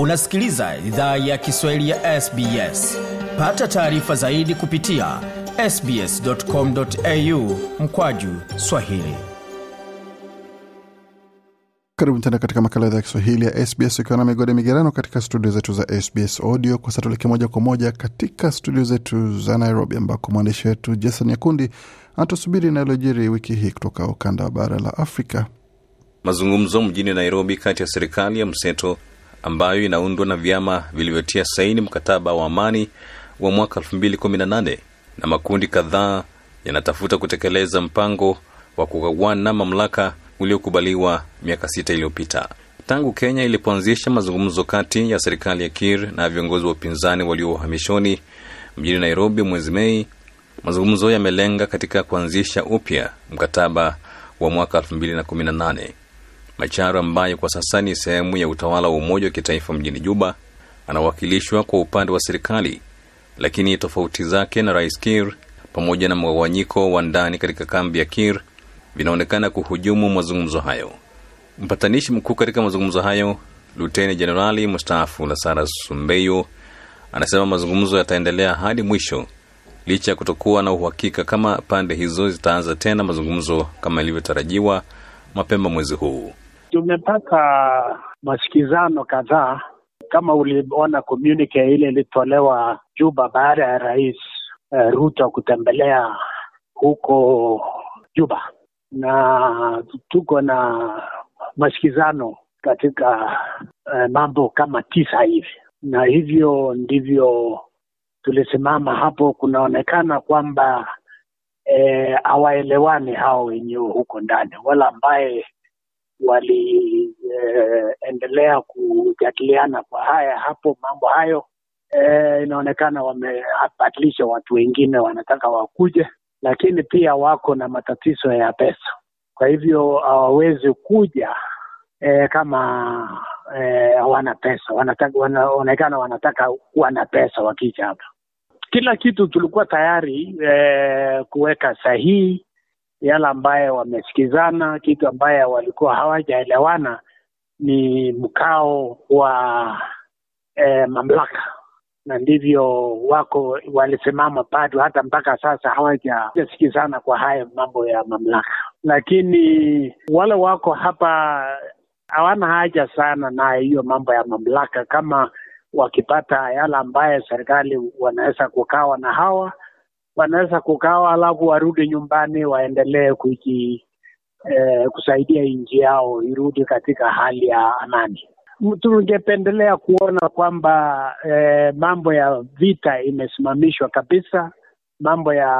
unasikiliza idhaa ya kiswahili ya sbs pata taarifa zaidi kupitia sbscomau mkwaju swahili karibu tena katika makala idhaa ya kiswahili ya sbs ukiwa na migode migerano katika studio zetu za sbs audio kwa sasa tulekee moja kwa moja katika studio zetu za nairobi ambako mwandishi wetu jason nyakundi anatusubiri inayolojiri wiki hii kutoka ukanda wa bara la afrika mazungumzo mjini nairobi kati ya serikali ya mseto ambayo inaundwa na vyama vilivyotia saini mkataba wa amani wa mwaka 2018 na makundi kadhaa yanatafuta kutekeleza mpango wa kugawana mamlaka uliokubaliwa miaka sita iliyopita tangu kenya ilipoanzisha mazungumzo kati ya serikali ya kir na viongozi wa upinzani walio uhamishoni mjini nairobi mwezi mei mazungumzo yamelenga katika kuanzisha upya mkataba wa mwaka 218 Machar ambaye kwa sasa ni sehemu ya utawala wa Umoja wa Kitaifa mjini Juba anawakilishwa kwa upande wa serikali, lakini tofauti zake na Rais Kir pamoja na mgawanyiko wa ndani katika kambi ya Kir vinaonekana kuhujumu mazungumzo hayo. Mpatanishi mkuu katika mazungumzo hayo Luteni Jenerali mstaafu Lasara Sumbeyo anasema mazungumzo yataendelea hadi mwisho licha ya kutokuwa na uhakika kama pande hizo zitaanza tena mazungumzo kama ilivyotarajiwa mapema mwezi huu. Tumepata masikizano kadhaa, kama uliona communique ile ilitolewa Juba baada ya rais uh, Ruto kutembelea huko Juba, na tuko na masikizano katika uh, mambo kama tisa hivi, na hivyo ndivyo tulisimama hapo. Kunaonekana kwamba eh, hawaelewani e, hao wenyewe huko ndani, wala ambaye waliendelea e, kujadiliana kwa haya hapo mambo hayo e, inaonekana wamebadilisha, watu wengine wanataka wakuje, lakini pia wako na matatizo ya pesa, kwa hivyo hawawezi kuja e, kama eh, hawana e, pesa. Wanataka, wanaonekana wanataka kuwa na pesa wakija hapa. Kila kitu tulikuwa tayari e, kuweka sahihi yale ambayo wamesikizana, kitu ambayo walikuwa hawajaelewana ni mkao wa eh, mamlaka, na ndivyo wako walisimama bado, hata mpaka sasa hawajasikizana kwa haya mambo ya mamlaka, lakini wale wako hapa hawana haja sana na hiyo mambo ya mamlaka, kama wakipata yale ambayo serikali wanaweza kukawa na hawa wanaweza kukawa, alafu warudi nyumbani waendelee kuji eh, kusaidia nchi yao irudi katika hali ya amani. Tungependelea kuona kwamba eh, mambo ya vita imesimamishwa kabisa, mambo ya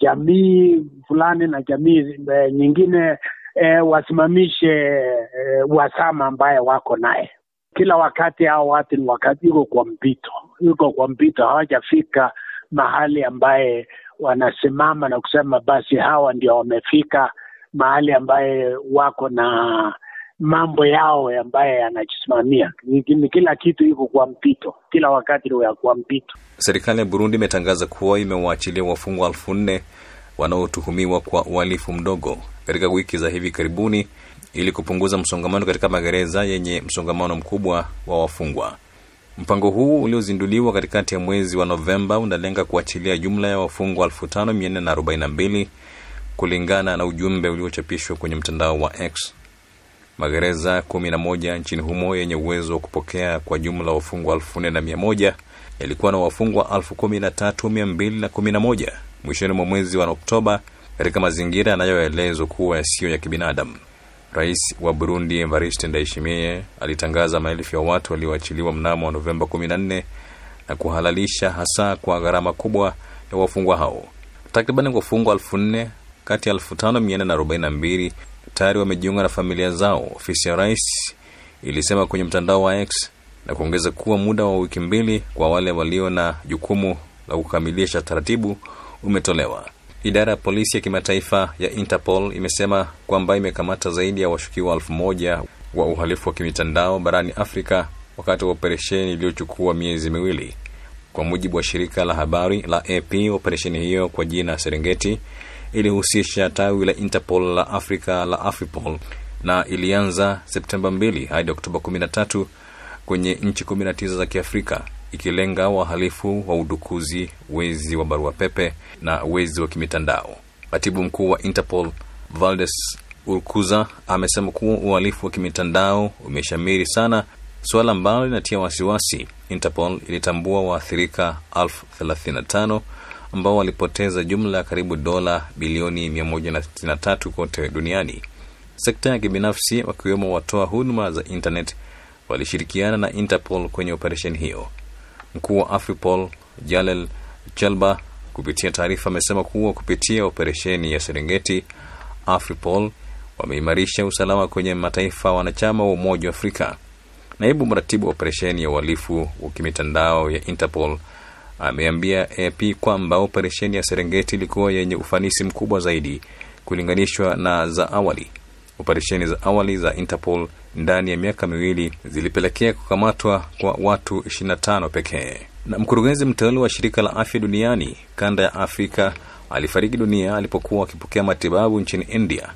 jamii fulani na jamii eh, nyingine eh, wasimamishe eh, uhasama ambaye wako naye kila wakati. Hao watu ni wakati iko kwa mpito, iko kwa mpito, hawajafika mahali ambaye wanasimama na kusema basi hawa ndio wamefika mahali ambaye wako na mambo yao ambaye yanajisimamia. Ni kila kitu iko kwa mpito, kila wakati ya kwa mpito. Serikali ya Burundi imetangaza kuwa imewaachilia wafungwa elfu nne wanaotuhumiwa kwa uhalifu mdogo katika wiki za hivi karibuni ili kupunguza msongamano katika magereza yenye msongamano mkubwa wa wafungwa. Mpango huu uliozinduliwa katikati ya mwezi wa Novemba unalenga kuachilia jumla ya wafungwa 5442 kulingana na ujumbe uliochapishwa kwenye mtandao wa X. Magereza 11 nchini humo yenye uwezo wa kupokea kwa jumla wafungwa 4100 yalikuwa na wafungwa 13211 mwishoni mwa mwezi wa Oktoba katika mazingira yanayoelezwa kuwa yasiyo ya kibinadamu. Rais wa Burundi Evariste Ndayishimiye alitangaza maelfu ya watu walioachiliwa mnamo Novemba 14 na kuhalalisha hasa kwa gharama kubwa ya wafungwa hao. Takribani wafungwa 4 kati ya 5442 tayari wamejiunga na familia zao, ofisi ya rais ilisema kwenye mtandao wa X na kuongeza kuwa muda wa wiki mbili kwa wale walio na jukumu la kukamilisha taratibu umetolewa. Idara ya polisi ya kimataifa ya Interpol imesema kwamba imekamata zaidi ya washukiwa elfu moja wa uhalifu wa kimitandao barani Afrika wakati wa operesheni iliyochukua miezi miwili. Kwa mujibu wa shirika la habari la AP, operesheni hiyo kwa jina Serengeti ilihusisha tawi la Interpol la Afrika la Afripol na ilianza Septemba 2 hadi Oktoba 13 kwenye nchi 19 za Kiafrika ikilenga wahalifu wa udukuzi, wezi wa barua pepe na wezi wa kimitandao. Katibu mkuu wa Interpol Valdes Urkuza amesema kuwa uhalifu wa kimitandao umeshamiri sana, suala ambalo linatia wasiwasi. Interpol ilitambua waathirika 35 ambao walipoteza jumla ya karibu dola bilioni 163 kote duniani. Sekta ya kibinafsi wakiwemo watoa huduma za internet walishirikiana na Interpol kwenye operesheni hiyo. Mkuu wa Afripol Jalel Chelba kupitia taarifa amesema kuwa kupitia operesheni ya Serengeti, Afripol wameimarisha usalama kwenye mataifa wanachama wa Umoja wa Afrika. Naibu mratibu wa operesheni ya uhalifu wa kimitandao ya Interpol ameambia AP kwamba operesheni ya Serengeti ilikuwa yenye ufanisi mkubwa zaidi kulinganishwa na za awali. Operesheni za awali za Interpol ndani ya miaka miwili zilipelekea kukamatwa kwa watu 25 pekee. Na mkurugenzi mteule wa shirika la afya duniani kanda ya Afrika alifariki dunia alipokuwa akipokea matibabu nchini India,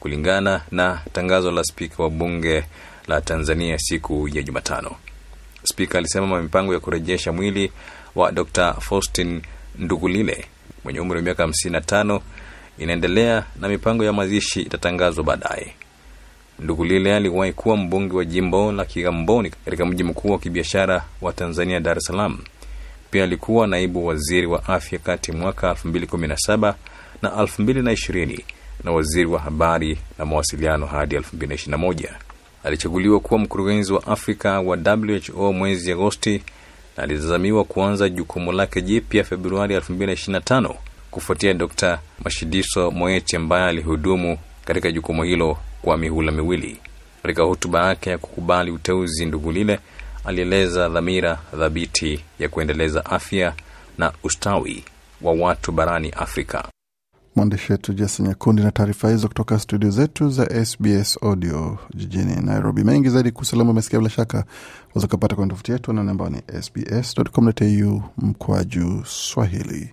kulingana na tangazo la spika wa bunge la Tanzania siku ya Jumatano. Spika alisema mipango ya kurejesha mwili wa Dr Faustin Ndugulile mwenye umri wa miaka inaendelea na mipango ya mazishi itatangazwa baadaye. Ndugu Lile aliwahi kuwa mbunge wa jimbo la Kigamboni katika mji mkuu wa kibiashara wa Tanzania, Dar es Salaam. Pia alikuwa naibu waziri wa afya kati mwaka 2017 na 2020 na waziri wa habari na mawasiliano hadi 2021. Alichaguliwa kuwa mkurugenzi wa Afrika wa WHO mwezi Agosti na alitazamiwa kuanza jukumu lake jipya Februari 2025 kufuatia d Mashidiso Moeti ambaye alihudumu katika jukumu hilo kwa mihula miwili. Katika hotuba yake ya kukubali uteuzi, Ndugulile alieleza dhamira thabiti ya kuendeleza afya na ustawi wa watu barani Afrika. Mwandishi wetu Jason Nyakundi na taarifa hizo kutoka studio zetu za SBS Audio jijini Nairobi. Mengi zaidi kuhusu mesikia umesikia, bila shaka waweza kupata kwenye tovuti yetu na ambao ni sbs.com.au mkwaju Swahili